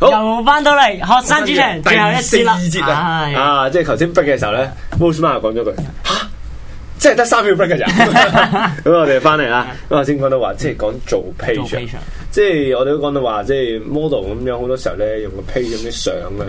又翻到嚟，好學生主場最後一節啦，啊，即係頭先 break 嘅時候咧，Mossman 講咗句，吓、啊啊，即係得三秒 break 咋，咁、 啊、我哋翻嚟啦，我先講到話，即係講做 page，即係我哋都講到話，即係 model 咁樣，好多時候咧用個 page 咁啲相啊。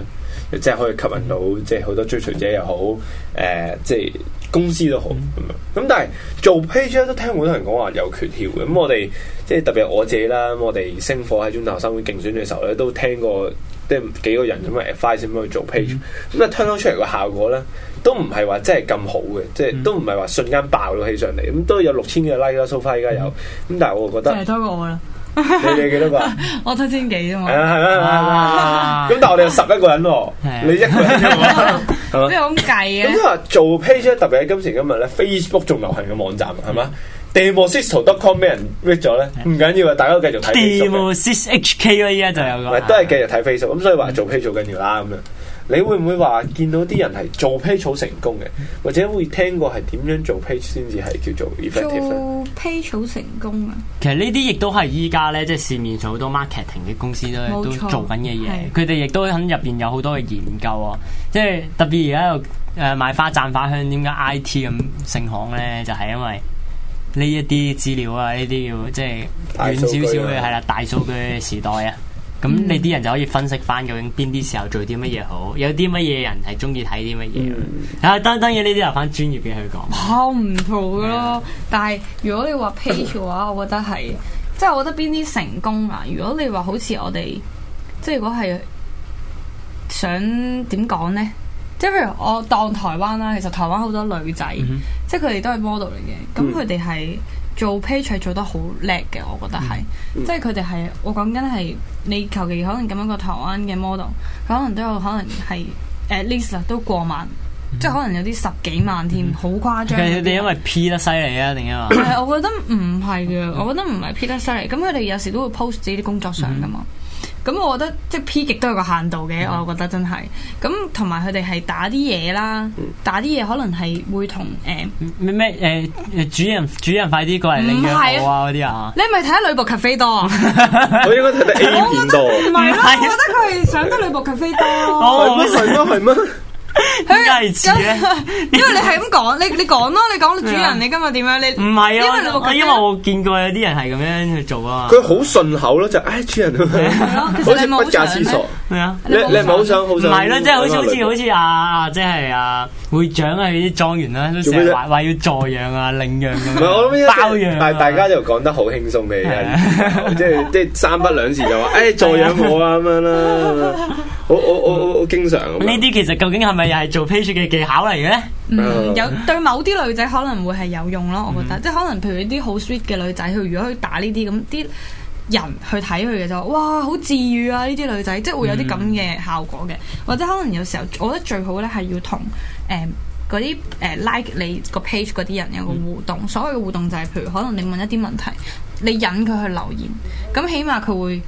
即係可以吸引到即係好多追隨者又好，誒、呃，即係公司都好咁樣。咁但係做 page 咧都聽好多人講話有訣竅嘅。咁、嗯、我哋即係特別我自己啦。我哋升火喺中大學生會競選嘅時候咧，都聽過即係幾個人咁樣 apply 去做 page。咁啊，聽咗出嚟個效果咧，都唔係話真係咁好嘅，即係都唔係話瞬間爆到起上嚟。咁都有六千幾個 like 啦，so far 而家有。咁但係我覺得。 你哋幾多個？ 我七千幾啫嘛。係啦，係啦。咁、啊、但係我哋有十一個人咯。 你一個人係即邊有咁計啊？咁啊、 嗯， 做 page 咧，特別喺今時今日咧，Facebook 仲流行嘅網站係嘛？Demosisto.com s,、嗯、 i 咩人 read 咗咧？唔緊要啊，大家都繼續睇。Demosisto HK i 依家就有個，都係繼續睇 Facebook。咁所以話做 page 做緊要啦咁、嗯、樣。你會唔會話見到啲人係做 page 好成功嘅，或者會聽過係點樣做 page 先至係叫做 effective？做 page 好成功啊！其實呢啲亦都係依家咧，即係市面上好多 marketing 嘅公司咧都，冇錯都做緊嘅嘢。佢哋亦都喺入邊有好多嘅研究啊！即係特別而家誒賣花讚花香，點解 IT 咁盛行咧？就係、是、因為呢一啲資料啊，呢啲要即係遠少少嘅係啦，大數據時代啊！咁你啲人就可以分析翻究竟邊啲時候做啲乜嘢好，有啲乜嘢人係中意睇啲乜嘢咯。嗯、啊，當然呢啲留翻專業嘅去講，唔、啊、同咯。麼但係如果你話 page 嘅話，我覺得係，即係我覺得邊啲成功啊？如果你話好似我哋，即係如果係想點講咧？即係譬如我當台灣啦，其實台灣好多女仔，嗯、哼即係佢哋都係 model 嚟嘅，咁佢哋係。嗯做 page 係做得好叻嘅，我覺得係，嗯、即係佢哋係，我講緊係你求其可能咁樣個台灣嘅 model，佢可能都有可能係 at least 啊都過萬，嗯、即係可能有啲十幾萬添，好、嗯、誇張。佢哋因為 P 得犀利啊，定係話？係 我覺得唔係嘅，我覺得唔係 P 得犀利。咁佢哋有時都會 post 自己啲工作相㗎嘛。嗯嗯咁我覺得即係 P 極都有個限度嘅，mm hmm. 我覺得真係。咁同埋佢哋係打啲嘢啦，打啲嘢可能係會同誒咩咩誒主人主人快啲過嚟領養啊嗰啲啊。啊啊你係咪睇下《女僕咖啡多》，我應該睇《A 片多》。唔係咯，我覺得佢係上得《女僕咖啡多》 不是不是。係咩？係咩？係咩？因為因為你係咁講，你你講咯，你講主人，你今日點樣？的你唔係啊，因為因為我見過有啲人係咁樣去做啊。佢好順口咯，就哎主人，好似不假思索。係 啊，你你係咪好想好想？唔係咯，即係好似好似好似啊，即係啊會長係啲莊園啦，都成日話要助養啊、領養咁，我諗包養。但係大家就講得好輕鬆嘅，即係即係三不兩時，就誒助養我啊咁樣啦。我我我我經常。呢啲其實究竟係咪又係做 page 嘅技巧嚟嘅咧？有對某啲女仔可能會係有用咯，我覺得，即係可能譬如啲好 sweet 嘅女仔，佢如果去打呢啲咁啲。人去睇佢嘅就哇，好治愈啊！呢啲女仔即係會有啲咁嘅效果嘅，mm hmm. 或者可能有時候，我覺得最好咧係要同誒嗰啲誒 like 你個 page 嗰啲人有個互動。Mm hmm. 所謂嘅互動就係、是、譬如可能你問一啲問題，你引佢去留言，咁起碼佢會。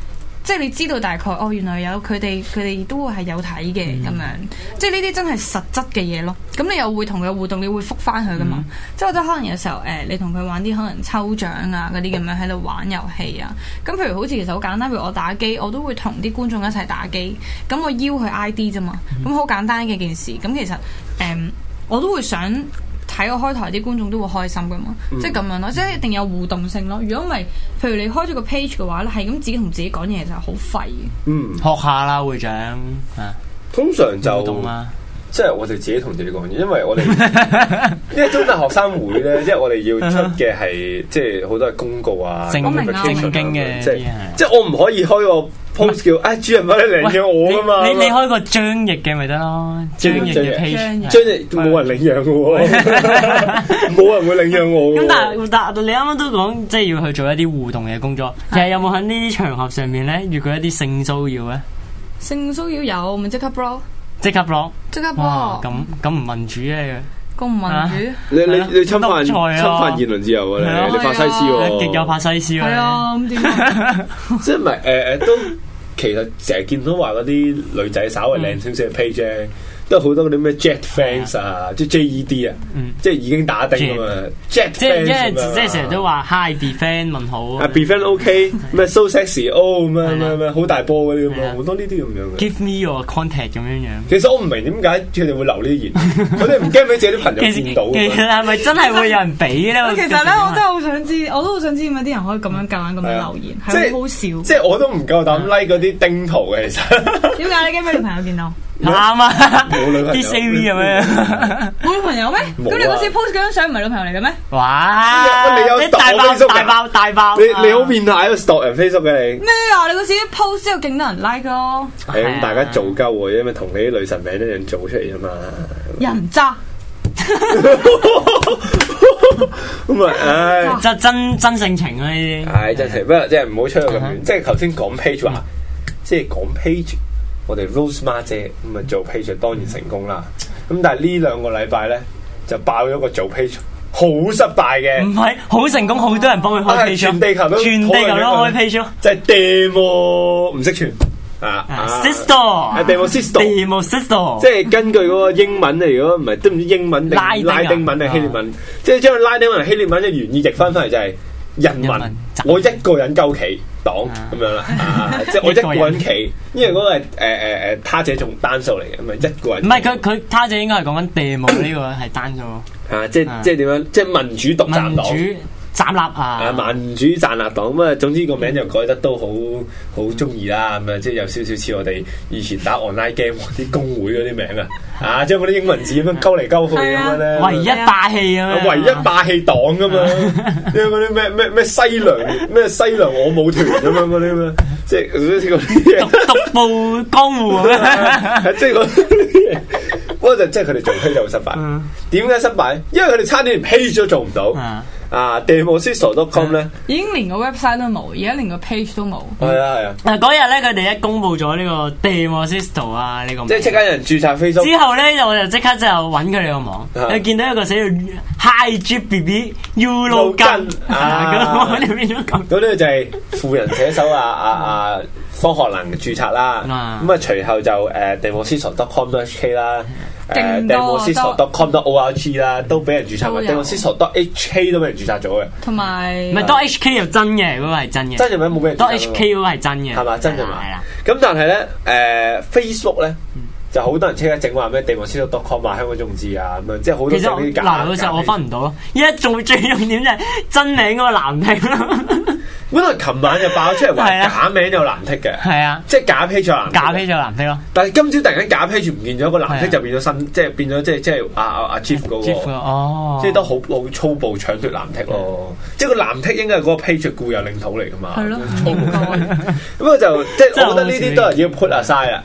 即係你知道大概哦，原來有佢哋佢哋都會係有睇嘅咁樣，mm hmm. 即係呢啲真係實質嘅嘢咯。咁你又會同佢互動，你會覆返佢㗎嘛？Mm hmm. 即係我覺得可能有時候誒、呃，你同佢玩啲可能抽獎啊嗰啲咁樣喺度玩遊戲啊。咁譬如好似其實好簡單，譬如我打機，我都會同啲觀眾一齊打機。咁我邀佢 ID 啫嘛，咁好、mm hmm. 簡單嘅件事。咁其實誒、嗯，我都會想。睇個開台啲觀眾都會開心噶嘛，嗯、即係咁樣咯，即係一定有互動性咯。如果唔係，譬如你開咗個 page 嘅話咧，係咁自己同自己講嘢就係好廢嘅。嗯，學下啦，會長。啊、通常就會即係我哋自己同自己講，因為我哋因為中大學生會咧，即係我哋要出嘅係即係好多係公告啊，咁明啦。正經嘅，即係我唔可以開個 post 叫啊，主人幫你領養我噶嘛？你你開個張翼嘅咪得咯？張翼張翼冇人領養嘅，冇人會領養我。咁但係你啱啱都講即係要去做一啲互動嘅工作，其實有冇喺呢啲場合上面咧遇過一啲性騷擾咧？性騷擾有，咪即刻 bro。即刻落，即刻播，咁咁唔民主嚟嘅，公唔民主，你你你侵犯侵犯言論自由啊！你你法西斯喎，極有法西斯喎，係啊，咁點啊？即係唔係誒誒都，其實成日見到話嗰啲女仔稍微靚少少嘅 page。都好多嗰啲咩 Jet fans 啊，即係 JED 啊，即係已經打定咁啊！Jet 即即即成日都話 Hi，be friend 問好啊，be friend OK 咩？So sexy 哦，咩咩咩，好大波嗰啲咁啊！好多呢啲咁樣嘅。Give me your contact 咁樣樣。其實我唔明點解佢哋會留呢啲言，佢哋唔驚俾自己啲朋友見到嘅。其實係咪真係會有人俾咧？其實咧，我真係好想知，我都好想知點解啲人可以咁樣夾硬咁樣留言，係好笑。即我都唔夠膽 like 嗰啲叮圖嘅，其實點解你驚俾你朋友見到？啱啊！啲 C V 咁樣，冇女朋友咩？咁你嗰時 post 嗰張相唔係女朋友嚟嘅咩？哇！你有大爆大爆，大爆，你你好變態 s t o r 人 Facebook 嘅你咩啊？你嗰時 post 又勁多人 like 咯。係咁，大家做鳩，因為同你啲女神名一樣做出嚟啫嘛。人渣咁啊！真真真性情啊！呢啲係真係，不過即係唔好出到咁遠。即係頭先講 page 話，即係講 page。我哋 Rose 媽姐咁啊做 page 當然成功啦，咁但係呢兩個禮拜咧就爆咗個做 page 好失敗嘅，唔係好成功，好多人幫佢開 page，、啊、全地球都全地球都開 page，就係 Demo 喎，唔識傳啊，Sisto，、啊、係、啊、Demo，Sisto，Demo，Sisto，即係根據嗰個英文， 英文啊，如果唔係都唔知英文定拉丁文定希臘文，啊、即係將拉丁文希臘文嘅原意譯翻翻嚟就係、是。嗯人民，人民我一個人鳩企黨咁、啊、樣啦、 啊，即係我一個人企，因為嗰個係誒誒他者仲單數嚟嘅，咁啊一個人。唔係佢佢他者應該係講緊地母呢 個係單數，係啊，即係、啊、即係點樣？即係民主獨企黨。站立啊！民主站立黨咁啊，總之個名就改得都好好鍾意啦。咁啊，即係有少少似我哋以前打 online game 啲公會嗰啲名啊，啊，即係嗰啲英文字咁樣勾嚟勾去咁樣咧，唯一霸氣啊，唯一霸氣黨咁樣，即係嗰啲咩咩咩西涼咩西涼我武團咁樣嗰啲，咁即係好似個獨步江湖咁啊，即係嗰，嗰陣即係佢哋做戲就失敗。點解失敗？因為佢哋差啲連 PAGE 都做唔到。啊，demosisto.com 咧，已經連個 website 都冇，而家連個 page 都冇。係啊係啊！嗱，嗰日咧，佢哋一公布咗呢個 Demosisto 啊，呢個即係即刻有人註冊 Facebook。之後咧，我就即刻就揾佢哋個網，你見到一個寫住 Hi j b b y o u Login 啊咁，你變咗咁。咁咧就係富人寫手啊啊啊科學能註冊啦，咁啊隨後就誒 demosisto.com 都係啦。定摩思索 .com 都 ORG 啦，都俾人註冊埋。定摩思索 .hk 都俾人註冊咗嘅。同埋，唔係。.hk 又真嘅，嗰個係真嘅。真又咩冇俾人 .hk 嗰個係真嘅。係咪？真係嘛？咁但係咧，誒 Facebook 咧，就好多人即刻整話咩？定摩思索 .com 賣香港中字啊咁樣，即係好多嗱，老實我分唔到咯。依家仲會最重點就係真名嗰個難聽。本來琴晚就爆出嚟，話假名有藍剔嘅。係啊，即係假 page 住藍剔，假 page 住藍剔咯。但係今朝突然間假 page 唔見咗，個藍剔就變咗新，即係變咗即係即係阿阿 Jeff 嗰個，哦，即係都好老粗暴搶奪藍剔咯。即係個藍剔應該係嗰個 page 固有領土嚟噶嘛，係咯，錯唔開。咁啊就即係我覺得呢啲都係要 put 下晒啊。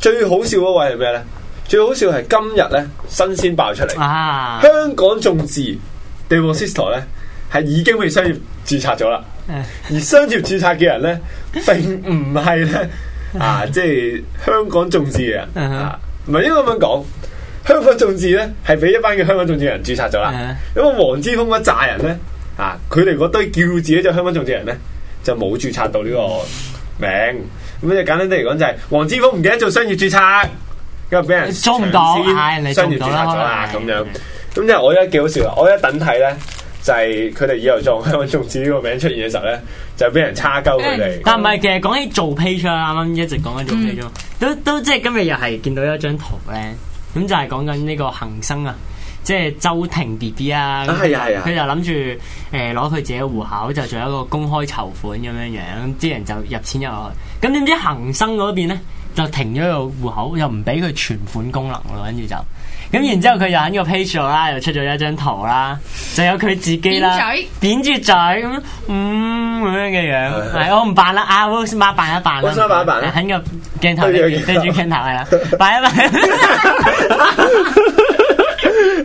最好笑嗰位係咩咧？最好笑係今日咧新鮮爆出嚟啊！香港眾志 Demosisto 咧係已經被商業注冊咗啦。而商業註冊嘅人咧，並唔係咧啊，即係香港眾志嘅人唔係，應該咁樣講，香港眾志咧係俾一班嘅香港眾志人註冊咗啦。咁啊，黃之鋒嗰扎人咧啊，佢哋嗰堆叫自己咧就香港眾志人咧就冇註冊到呢個名。咁就簡單啲嚟講就係黃之鋒唔記得做商業註冊，咁為俾人中唔到商業註冊咗啊，咁樣。咁即係我而家幾好笑啊！我依家等睇咧。就係佢哋以後做香港眾志嗰個名出現嘅時候咧，就俾人叉鳩佢哋。嗯、這樣 但唔係，其實講起做 page 啱啱一直講緊做 page，都都即係今日又係見到一張圖咧，咁就係講緊呢個恒生啊，即係周庭 B B 啊，啊，佢就諗住誒攞佢自己戶口就做一個公開籌款咁樣樣，啲人就入錢入落去。咁點知恒生嗰邊咧？就停咗個戶口，又唔俾佢存款功能咯，跟住就咁，然之後佢又喺個 page 度啦，又出咗一張圖啦，就有佢自己啦，扁住嘴，咁樣，嗯咁樣嘅樣，係對、哎、我唔扮啦，阿、啊、Rose Ma 扮一扮啦，我先扮一扮啦，喺個鏡頭裏邊對住鏡頭係啦，扮一扮。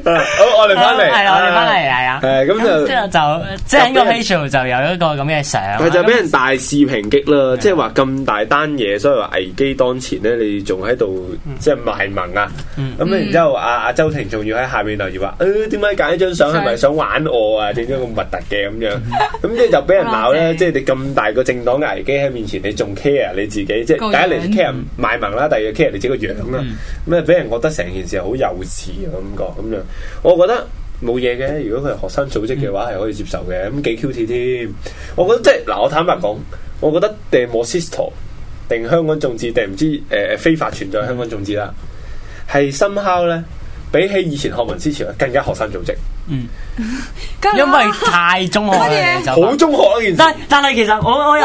好，我哋翻嚟，係我哋翻嚟，係啊，係咁就之後就即係個 Rachel 就有一個咁嘅相，係就俾人大肆抨擊啦，即係話咁大單嘢，所以話危機當前咧，你仲喺度即係賣萌啊，咁然之後阿阿周庭仲要喺下面留言話，誒點解揀呢張相係咪想玩我啊？點解咁核突嘅咁樣？咁即係就俾人鬧咧，即係你咁大個政黨嘅危機喺面前，你仲 care 你自己？即係第一嚟 care 賣萌啦，第二 care 你自己個樣啦，咁俾人覺得成件事好幼稚嘅感覺咁樣。我覺得冇嘢嘅，如果佢係學生組織嘅話，係可以接受嘅，咁幾 Q T 添。我覺得即係嗱，我坦白講，我覺得定 Demosisto 定香港眾志定唔知誒、呃、非法存在香港眾志啦，係深烤咧，比起以前學民之前更加學生組織。嗯，因為太中學嘅，好中學啊！但係但係，其實我我又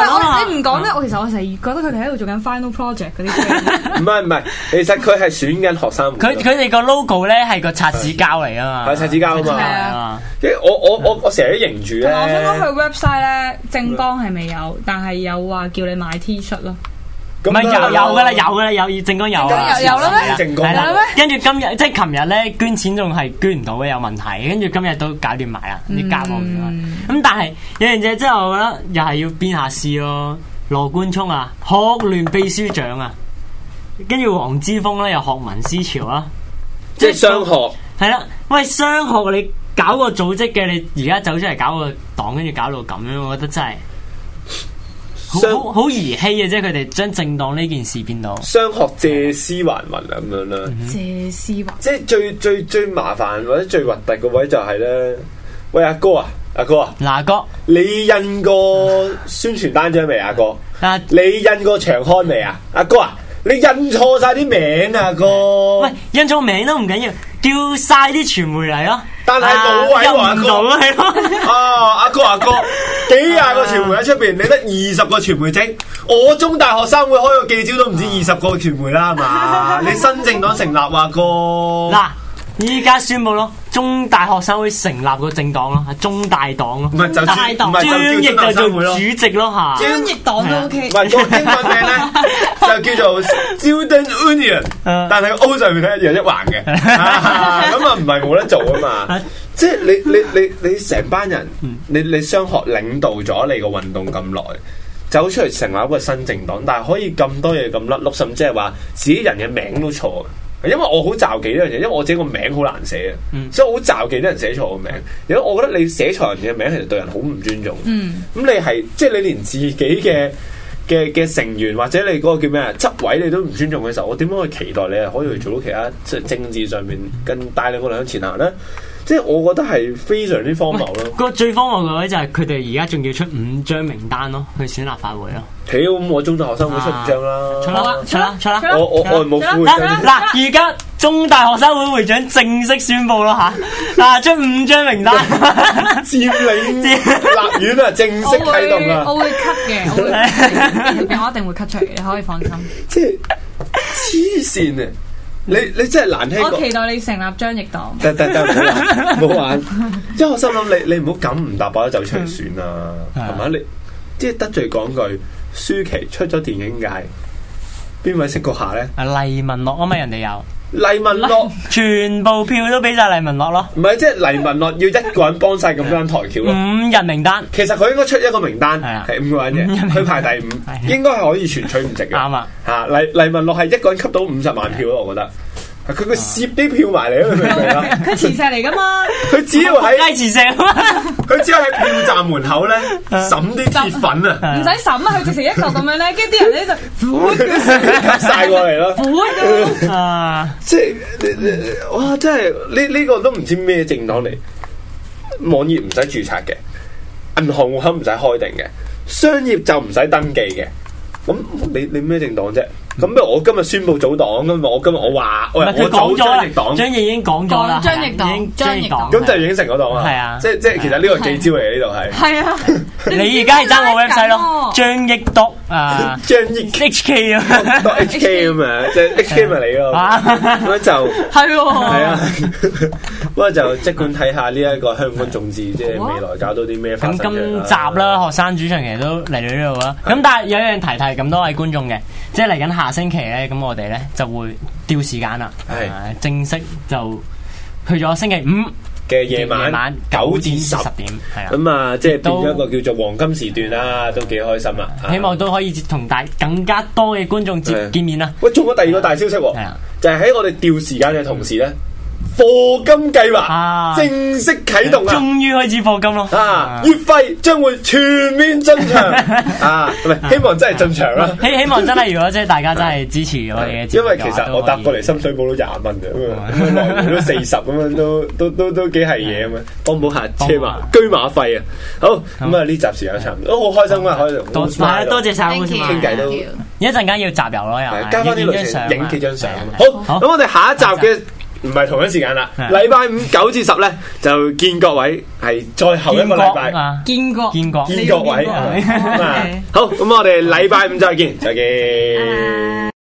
你唔講咧，我其實我成日覺得佢哋喺度做緊 final project 嗰啲。唔係唔係，其實佢係選緊學生。佢佢哋個 logo 咧係個擦紙膠嚟啊嘛，係擦紙膠啊嘛。即係我我我我成日都認住。我想講佢 website 咧，正裝係未有，但係有話叫你買 T 恤咯。唔係 有有噶啦，有噶啦，正有政工有啊，政工又有啦係啦，跟住今即日即係琴日咧，捐錢仲係捐唔到嘅，有問題。跟住今日都搞掂埋啦啲家務咁。咁、嗯、但係有樣嘢之係我覺得又係要變下事咯。羅冠聰啊，學聯秘書長啊，跟住黃之峰咧又學民思潮啊。即係雙學係啦。喂，雙學你搞個組織嘅，你而家走出嚟搞個黨，跟住搞到咁樣，我覺得真係。好好兒戲嘅，啫，佢哋將政黨呢件事變到雙學借屍還魂咁樣啦。借屍還即係最最最麻煩或者最核突個位就係咧，喂阿哥啊，阿哥啊，嗱哥，你印個宣傳單張未啊哥？啊，你印個長刊未啊？阿哥啊，你印錯晒啲名啊哥？喂，印錯名都唔緊要，叫晒啲傳媒嚟咯，但係冇位還到係嘛？哦，阿哥阿哥。幾廿個傳媒喺出邊，你得二十個傳媒精。我中大學生會開個記招都唔止二十個傳媒啦，係嘛？你新政黨成立話個嗱，依家宣布咯，中大學生會成立個政黨咯，係中大黨咯，唔係就專專業就做主席咯吓，專業黨都 O、OK、K。唔係英文名咧就叫做 Student Union，但係個 O 上面咧有一橫嘅，咁啊唔係冇得做啊嘛。即係你你你你成班人，你你雙學領導咗你個運動咁耐，走出嚟成立一個新政黨，但係可以咁多嘢咁甩，甚至係話自己人嘅名都錯。因為我好驟忌呢樣嘢，因為我自己個名好難寫，嗯、所以我好驟忌啲人寫錯我個名。如果我覺得你寫錯人嘅名，其實對人好唔尊重。咁、嗯、你係即係你連自己嘅嘅嘅成員或者你嗰個叫咩啊職位，你都唔尊重嘅時候，我點樣去期待你係可以去做到其他即係政治上面更大力嘅向前行咧？即係我覺得係非常之荒謬咯。個最荒謬嘅位就係佢哋而家仲要出五張名單咯，去選立法會咯。屌、哎，咁我中大學生會出五張、啊、啦。出啦，出啦，出啦。我我我冇呼籲。嗱，而家中大學生會會長正式宣布啦吓，嗱、啊，出五張名單，佔領 立院啊，正式啟動啊我。我會 cut 嘅，我， 我一定會 cut 出嘅，你可以放心。即黐黐線啊！你你真係難聽！我期待你成立張翼黨。但但但冇玩，即係 我心諗你你唔好咁唔搭八就出選啊，係咪？你，的你即係得罪講句，舒淇出咗電影界，邊位識個下咧？啊，黎文樂啊嘛，人哋有。黎文樂全部票都俾晒黎文樂咯，唔係即係黎文樂要一個人幫晒咁樣抬轎咯，五人名單，其實佢應該出一個名單係、啊、五個人嘅，佢排第五，啊、應該係可以全取唔值嘅，啱 啊，吓黎黎文樂係一個人吸到五十萬票咯，啊、我覺得。佢佢攝啲票埋嚟佢咪得？佢磁石嚟噶嘛？佢只要喺齋磁石，佢只要喺票站門口咧，審啲鐵粉啊，唔使審啊，佢直情一嚿咁樣咧，跟住啲人咧 就苦晒過嚟咯，苦啊 寫的！ 即係哇，即係呢呢個都唔知咩政黨嚟，網頁唔使注冊嘅，銀行戶口唔使開定嘅，商業就唔使登記嘅，咁你你咩政黨啫？咁不如我今日宣布組黨咁嘛，我今日我話，我組張亦黨，張亦已經講咗啦，張亦黨，張亦黨，咁就已經成個黨啦。係啊，即即其實呢個記招嚟呢度係。係啊，你而家係爭我 w h a t 咯，張亦篤啊，張亦 HK 啊，篤 HK 啊嘛，即 HK 咪你咯。咁就係喎，係啊，不過就即管睇下呢一個香港眾志，即係未來搞到啲咩？咁今集啦，學生主場其實都嚟到呢度啦。咁但係有樣提提咁多位觀眾嘅，即係嚟緊下星期咧，咁我哋咧就會調時間啦，正式就去咗星期五嘅夜晚九至十點，咁啊，即係變咗一個叫做黃金時段啦，都幾開心啊！希望都可以同大更加多嘅觀眾接見面啦。喂，仲有第二個大消息喎，就係喺我哋調時間嘅同時咧。課金計劃正式啟動啊！終於開始課金咯！啊，月費將會全面增長啊！係，希望真係進場啦！希希望真係，如果即係大家真係支持我哋嘅，因為其實我搭過嚟深水埗都廿蚊嘅，去到四十咁樣都都都都幾係嘢咁樣，幫補下車馬車馬費啊！好，咁啊，呢集時間差唔多，好開心啊！可以多多謝晒，傾偈都一陣間要集郵咯，又加返呢張相，影幾張相，好，咁我哋下一集嘅。唔係同一時間啦，禮拜是的 五九至十咧就見各位，係最後一個禮拜見各、啊、見各國見各國位，好，咁我哋禮拜五再見， 再見。